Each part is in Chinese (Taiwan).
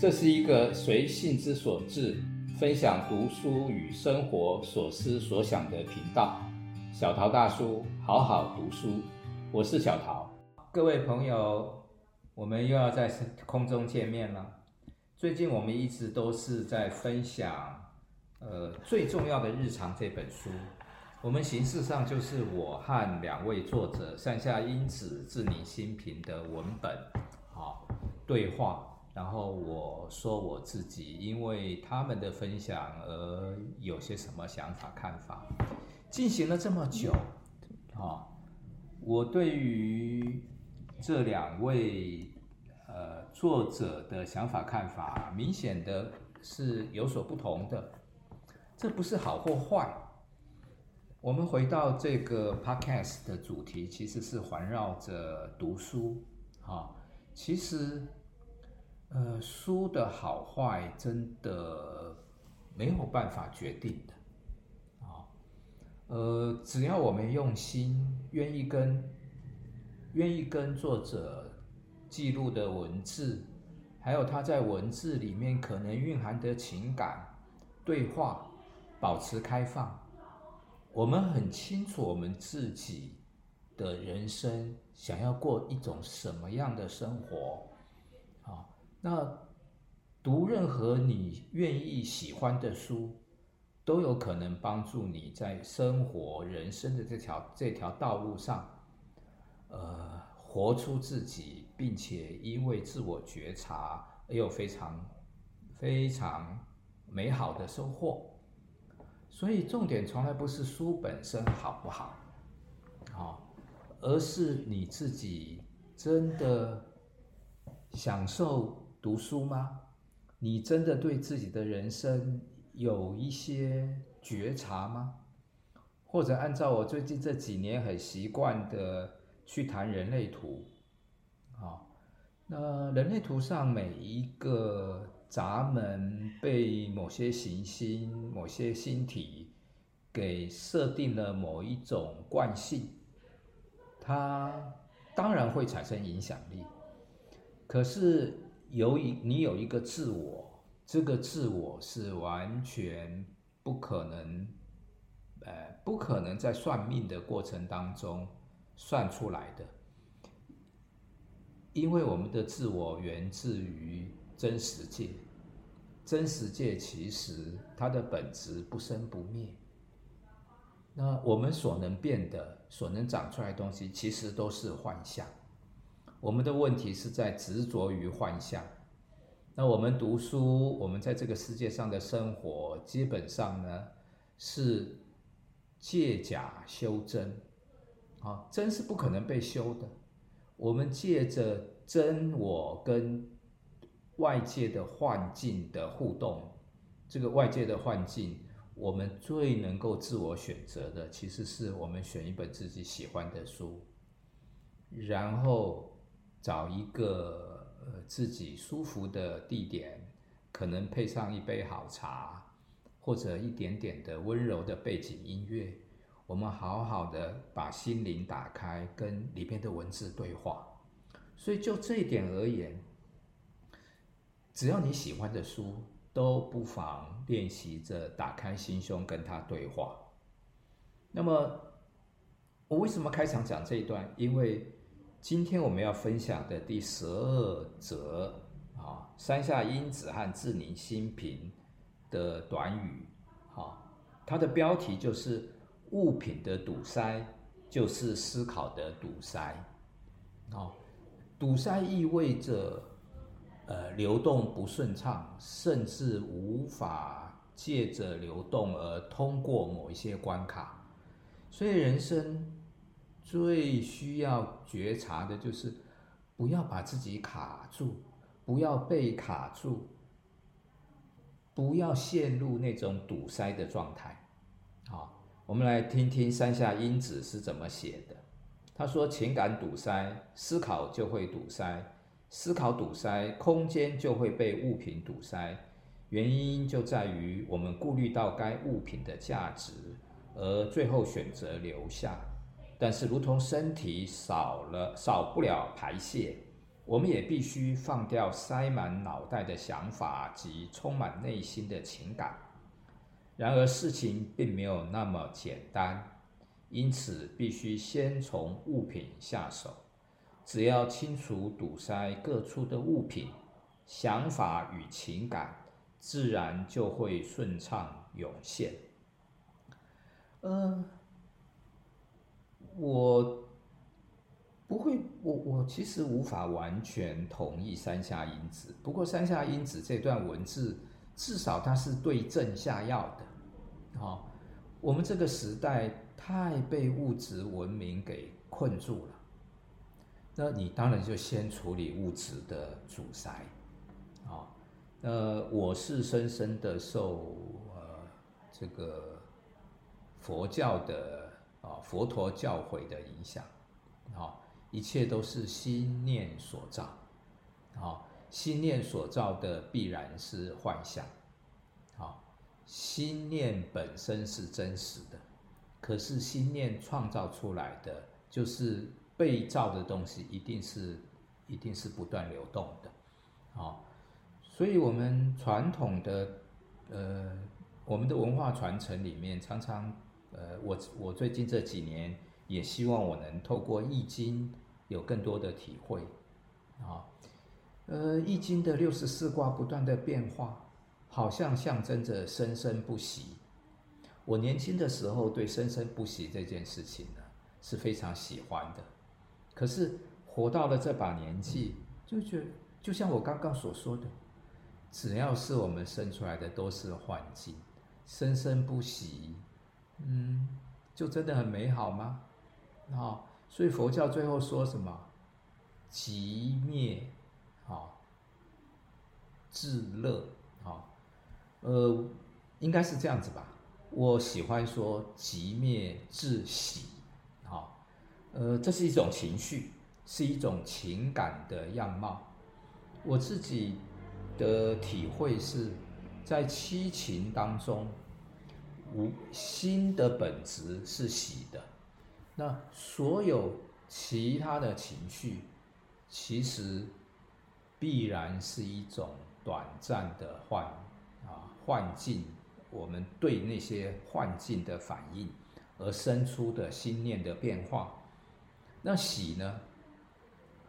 這是一個隨性之所至，分享讀書與生活所思所想的頻道。小陶大叔，好好讀書，我是小陶。各位朋友，我們又要在空中見面了。最近我們一直都是在分享，呃，最重要的日常這本書。我們形式上就是我和兩位作者，山下英子致你新平的文本，好對話。然後我說我自己，因為他們的分享而有些什麼想法、看法。進行了這麼久，啊、哦，我對於這兩位呃作者的想法、看法，明顯的是有所不同的。這不是好或壞。我們回到這個 podcast 的主題，其實是環繞着讀書，啊、哦，其實。呃，書的好壞真的沒有辦法決定的，啊、哦，呃，只要我們用心，願意跟，願意跟作者記錄的文字，還有他在文字裡面可能蘊含的情感、對話，保持開放，我們很清楚我們自己的人生想要過一種什麼樣的生活。那讀任何你願意喜歡的書，都有可能幫助你在生活人生的這條這條道路上，呃，活出自己，並且因為自我覺察，而有非常非常美好的收穫。所以重點從來不是書本身好不好，好，哦，而是你自己真的享受。讀書嗎？你真的對自己的人生有一些覺察嗎？或者按照我最近這幾年很習慣的去談人類圖，那人類圖上每一個閘門被某些行星、某些星體給設定了某一種慣性，它當然會產生影響力，可是，有一，你有一個自我，這個自我是完全不可能，呃，不可能在算命的過程當中算出來的，因為我們的自我源自於真實界，真實界其實它的本質不生不滅，那我們所能變的、所能長出來的東西，其實都是幻象。我們的問題是在執着於幻象。那我們讀書，我們在這個世界上的生活，基本上呢，是借假修真。啊，真是不可能被修的。我們借着真我跟外界的幻境的互動，這個外界的幻境，我們最能夠自我選擇的，其實是我們選一本自己喜歡的書，然後。找一個呃自己舒服的地點，可能配上一杯好茶，或者一點點的溫柔的背景音樂，我們好好的把心靈打開，跟裡面的文字對話。所以就這一點而言，只要你喜歡的書，都不妨練習着打開心胸跟他對話。那麼，我為什麼開場講這一段？因為。今天我們要分享的第十二則啊，山下英子和志玲心平的短語，它的標題就是物品的堵塞就是思考的堵塞，哦，堵塞意味着呃流動不順暢，甚至無法借着流動而通過某一些關卡，所以人生。最需要覺察的就是，不要把自己卡住，不要被卡住，不要陷入那種堵塞的狀態。好，我們來聽聽山下英子是怎麼寫的。他說：“情感堵塞，思考就會堵塞；思考堵塞，空間就會被物品堵塞。原因就在於我們顧慮到該物品的價值，而最後選擇留下。”但是，如同身體少了少不了排泄，我們也必須放掉塞滿腦袋的想法及充滿內心的情感。然而，事情並沒有那麼簡單，因此必須先從物品下手。只要清除堵塞各處的物品，想法與情感自然就會順暢湧現。呃。嗯我不會，我我其實無法完全同意山下英子。不過山下英子這段文字，至少它是對症下藥的。好、哦，我們這個時代太被物質文明給困住了。那你當然就先處理物質的阻塞。啊、哦，呃，我是深深的受呃這個佛教的。啊，佛陀教誨的影響，啊，一切都是心念所造，啊，心念所造的必然是幻象，啊，心念本身是真實的，可是心念創造出來的就是被造的東西，一定是，一定是不斷流動的，啊，所以我們傳統的，呃，我們的文化傳承裡面常常。呃，我我最近這幾年也希望我能透過易經有更多的體會，啊，呃，易經的六十四卦不斷的變化，好像象徵着生生不息。我年輕的時候對生生不息這件事情呢是非常喜歡的，可是活到了這把年紀，嗯，就覺得就像我剛剛所說的，只要是我們生出來的都是幻境，生生不息。嗯，就真的很美好嗎？啊、哦，所以佛教最後說什麼？寂滅，啊、哦，自樂，啊、哦，呃，應該是這樣子吧。我喜歡說寂滅自喜，啊、哦，呃，這是一種情緒，是一種情感的樣貌。我自己的體會是在七情當中。無心的本質是喜的，那所有其他的情緒，其實必然是一種短暫的幻啊幻境。我們對那些幻境的反應，而生出的心念的變化，那喜呢？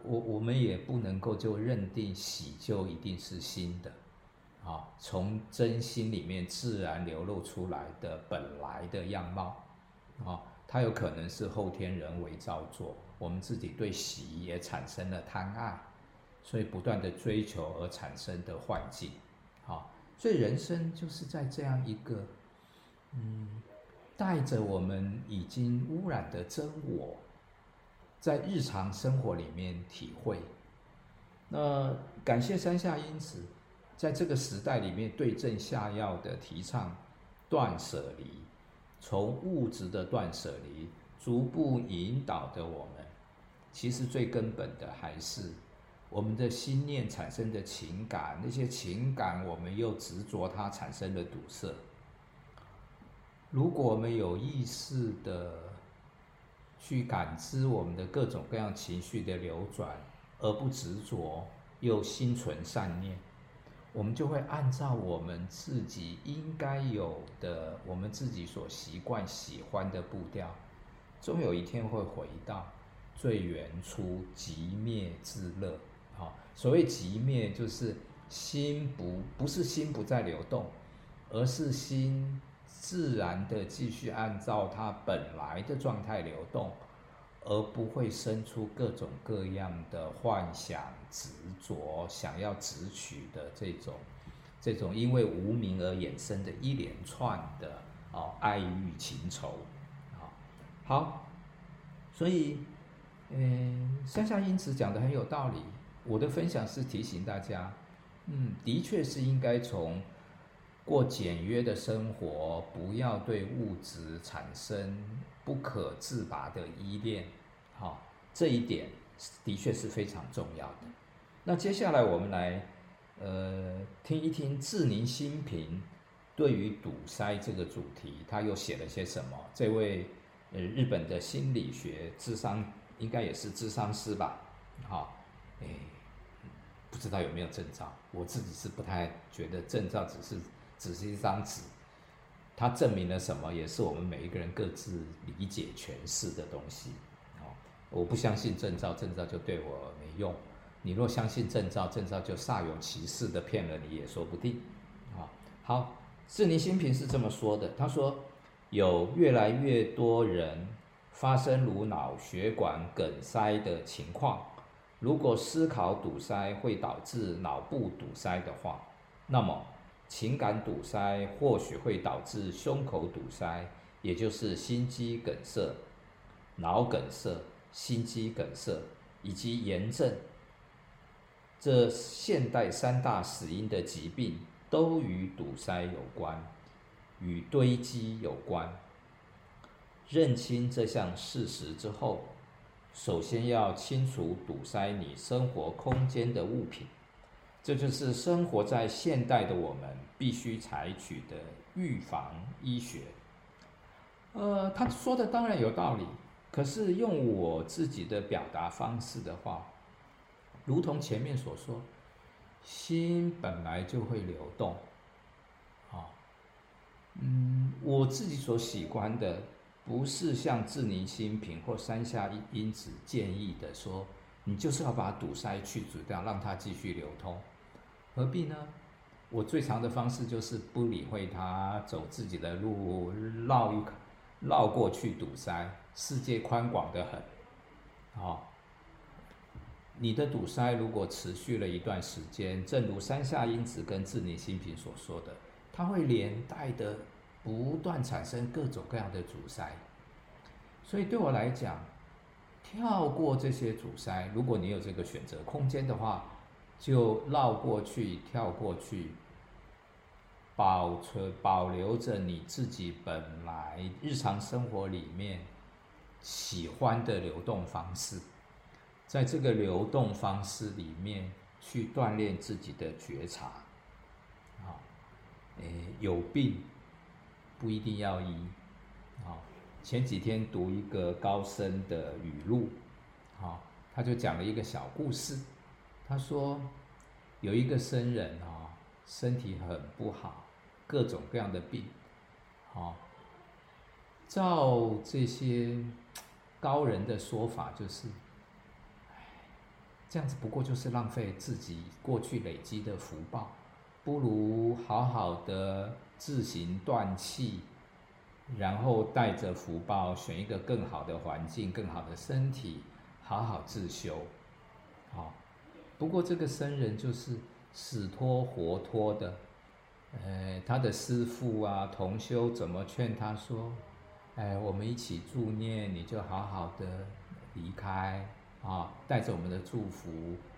我我們也不能夠就認定喜就一定是新的，啊，從、哦、真心裡面自然流露出來的本來的樣貌，啊、哦，它有可能是後天人為造作，我們自己對喜也產生了貪愛，所以不斷的追求而產生的幻境，啊、哦，所以人生就是在這樣一個，嗯，帶着我們已經污染的真我在日常生活裡面體會。那感謝山下英子。在這個時代裡面，對症下藥的提倡斷捨離，從物質的斷捨離逐步引導的我們，其實最根本的還是我們的心念產生的情感，那些情感我們又執着，它產生了堵塞。如果我們有意識的去感知我們的各種各樣情緒的流轉，而不執着，又心存善念。我們就會按照我們自己應該有的、我們自己所習慣喜歡的步調，終有一天會回到最原初極滅之樂。啊，所謂極滅，就是心不，不是心不再流動，而是心自然地繼續按照它本來的狀態流動。而不會生出各種各樣的幻想、執着想要執取的這種、這種，因為無明而衍生的一連串的啊、愛、哦、欲情仇，啊、哦，好，所以，嗯、欸，山下英子講得很有道理。我的分享是提醒大家，嗯，的確是應該從過簡約的生活，不要對物質產生。不可自拔的依戀，好、哦，這一點的確是非常重要的。那接下來我們來，呃，聽一聽志寧新平對於堵塞這個主題，他又寫了些什麼？這位呃，日本的心理學諮商，應該也是諮商師吧？好、哦，哎，不知道有沒有證照？我自己是不太覺得證照只是，只是一張紙。它證明了什麼？也是我們每一個人各自理解詮釋的東西。我不相信證照，證照就對我沒用。你若相信證照，證照就煞有其事地騙了你也說不定。啊，好，智尼新平是這麼說的。他說，有越來越多人發生顱腦血管梗塞的情況。如果思考堵塞會導致腦部堵塞的話，那麼。情感堵塞或許會導致胸口堵塞，也就是心肌梗塞、腦梗塞、心肌梗塞以及炎症。這現代三大死因的疾病都與堵塞有關，與堆積有關。認清這項事實之後，首先要清除堵塞你生活空間的物品。這就是生活在現代的我們必須採取的預防醫學。呃，他說的當然有道理，可是用我自己的表達方式的話，如同前面所說，心本來就會流動。啊、哦，嗯，我自己所喜歡的，不是像志寧心平或山下英子建議的說，你就是要把堵塞去除掉，讓它繼續流通。何必呢？我最常的方式就是不理會他，走自己的路，繞一繞過去堵塞。世界寬廣的很，啊、哦！你的堵塞如果持續了一段時間，正如山下英子跟智寧新平所說的，它會連帶的不斷產生各種各樣的阻塞。所以對我來講，跳過這些阻塞，如果你有這個選擇空間的話。就繞過去，跳過去，保存、保留着你自己本來日常生活裡面喜歡的流動方式，在這個流動方式裡面去鍛鍊自己的覺察。啊、哦，誒，有病不一定要醫。啊、哦，前幾天讀一個高僧的語錄，啊、哦，他就講了一個小故事。他說：“有一個僧人哦，身體很不好，各種各樣的病，哦，照這些高人的說法，就是，這樣子不過就是浪費自己過去累積的福報，不如好好的自行斷氣，然後帶着福報，選一個更好的環境、更好的身體，好好自修，好、哦。”不過，這個僧人就是死拖活拖的。哎，他的師父啊、同修怎麼勸他說：“哎，我們一起助念，你就好好的離開啊，帶着我們的祝福，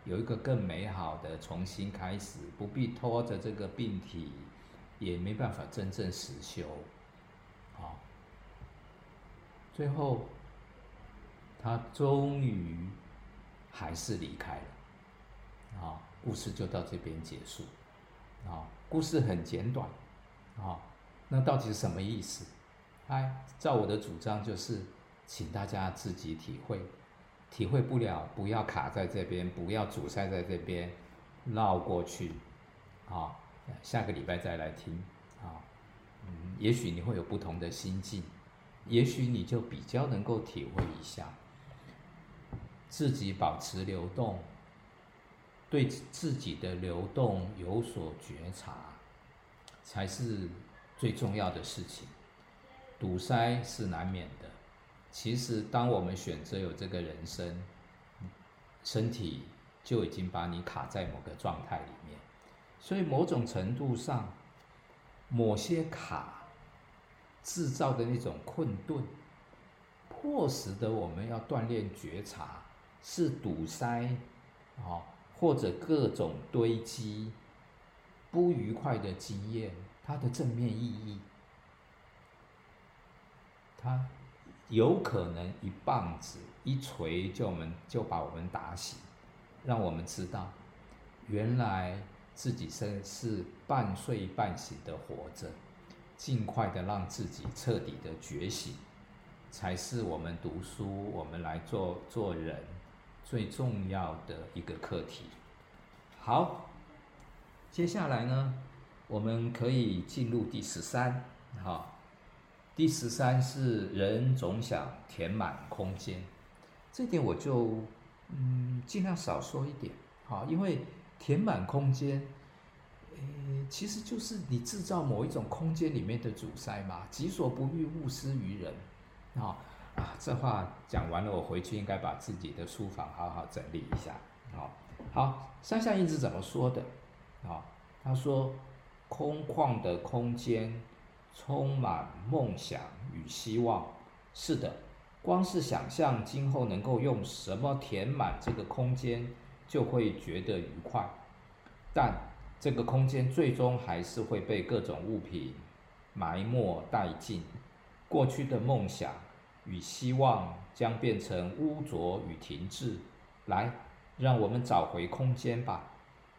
有一個更美好的重新開始，不必拖着這個病體，也沒辦法真正實修。”啊，最後他終於還是離開了。啊，故事就到這邊結束。啊，故事很簡短。啊，那到底是什麼意思？哎，照我的主張就是，請大家自己體會。體會不了，不要卡在這邊，不要阻塞在這邊，繞過去。啊，下個禮拜再來聽。啊，嗯，也許你會有不同的心境，也許你就比較能夠體會一下。自己保持流動。對自己的流動有所覺察，才是最重要的事情。堵塞是難免的。其實，當我們選擇有這個人生，身體就已經把你卡在某個狀態裡面。所以，某種程度上，某些卡製造的那種困頓，迫使的我們要鍛鍊覺察，是堵塞哦。或者各種堆積不愉快的經驗，它的正面意義，它有可能一棒子一錘就我們就把我們打醒，讓我們知道，原來自己身是半睡半醒的活着，盡快的讓自己徹底的覺醒，才是我們讀書，我們來做做人。最重要的一個課題。好，接下來呢，我們可以進入第十三。好、哦，第十三是人總想填滿空間，這點我就嗯儘量少說一點。好、哦，因為填滿空間，誒、呃，其實就是你制造某一種空間裡面的阻塞嘛。己所不欲，勿施於人。啊、哦。啊，這話講完了，我回去應該把自己的書房好好整理一下。好、哦、好，山下英子怎麼說的？啊、哦，他說：“空曠的空間充滿夢想與希望。是的，光是想象今後能夠用什麼填滿這個空間，就會覺得愉快。但這個空間最終還是會被各種物品埋沒殆盡，過去的夢想。”與希望將變成污濁與停滯，來，讓我們找回空間吧。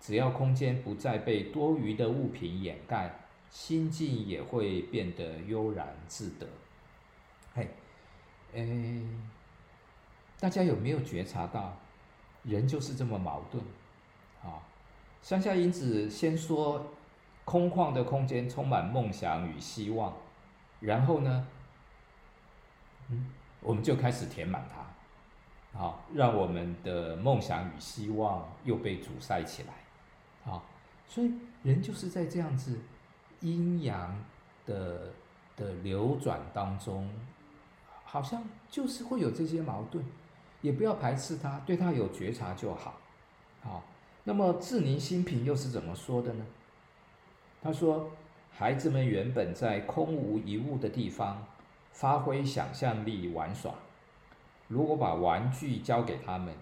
只要空間不再被多餘的物品掩蓋，心境也會變得悠然自得。嘿誒，大家有沒有覺察到，人就是這麼矛盾？啊，山下英子先說，空曠的空間充滿夢想與希望，然後呢？嗯，我們就開始填滿它。啊，讓我們的夢想與希望又被阻塞起來，啊，所以人就是在這樣子陰陽的的流轉當中，好像就是會有這些矛盾，也不要排斥他，對他有覺察就好，啊，那麼智寧心平又是怎麼說的呢？他說，孩子們原本在空無一物的地方。發揮想象力玩耍，如果把玩具交給他們，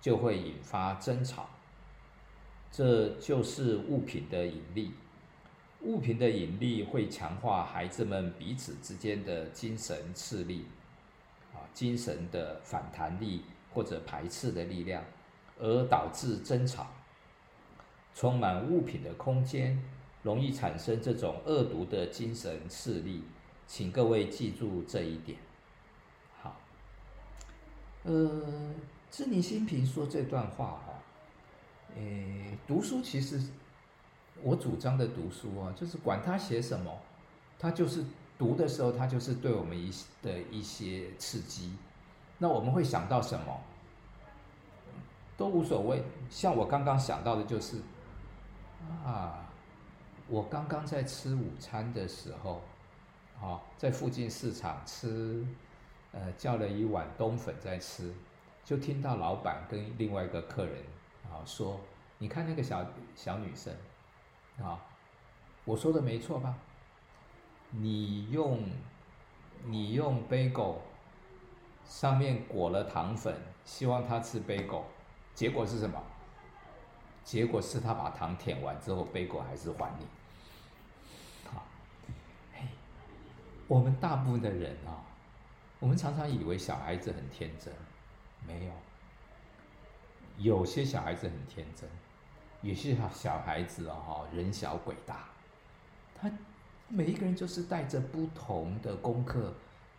就會引發爭吵。這就是物品的引力。物品的引力會強化孩子們彼此之間的精神斥力，啊，精神的反彈力或者排斥的力量，而導致爭吵。充滿物品的空間，容易產生這種惡毒的精神斥力。請各位記住這一點，好。呃，知你新平說這段話哈、哦，誒，讀書，其實我主張的讀書啊，就是管他寫什麼，他就是讀的時候，他就是對我們一的一些刺激。那我們會想到什麼，都無所謂。像我剛剛想到的就是，啊，我剛剛在吃午餐的時候。啊，在附近市場吃，呃，叫了一碗冬粉在吃，就聽到老闆跟另外一個客人啊說：“你看那個小小女生，啊，我說的沒錯吧？你用你用貝果，上面裹了糖粉，希望她吃貝果，結果是什麼？結果是她把糖舔完之後，貝果還是還你。”我們大部分的人啊、哦，我們常常以為小孩子很天真，沒有，有些小孩子很天真，有些小孩子哦，人小鬼大，他每一個人就是帶着不同的功課，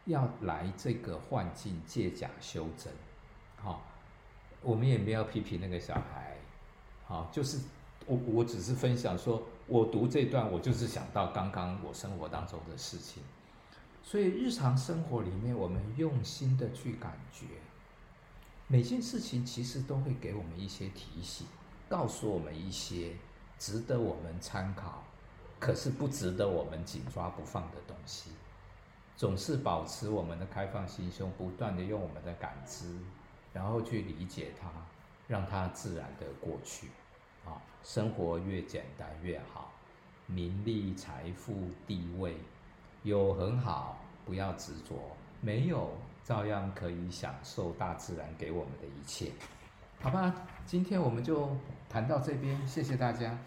要來這個幻境借假修真，好、哦，我們也沒有批評那個小孩，好、哦，就是我我只是分享說，說我讀這段，我就是想到剛剛我生活當中的事情。所以日常生活裡面，我們用心的去感覺，每件事情其實都會給我們一些提醒，告訴我們一些值得我們參考，可是不值得我們緊抓不放的東西。總是保持我們的開放心胸，不斷的用我們的感知，然後去理解它，讓它自然的過去。啊，生活越簡單越好，名利、財富、地位。有很好，不要執着。沒有照樣可以享受大自然給我們的一切。好吧，今天我們就談到這邊，謝謝大家。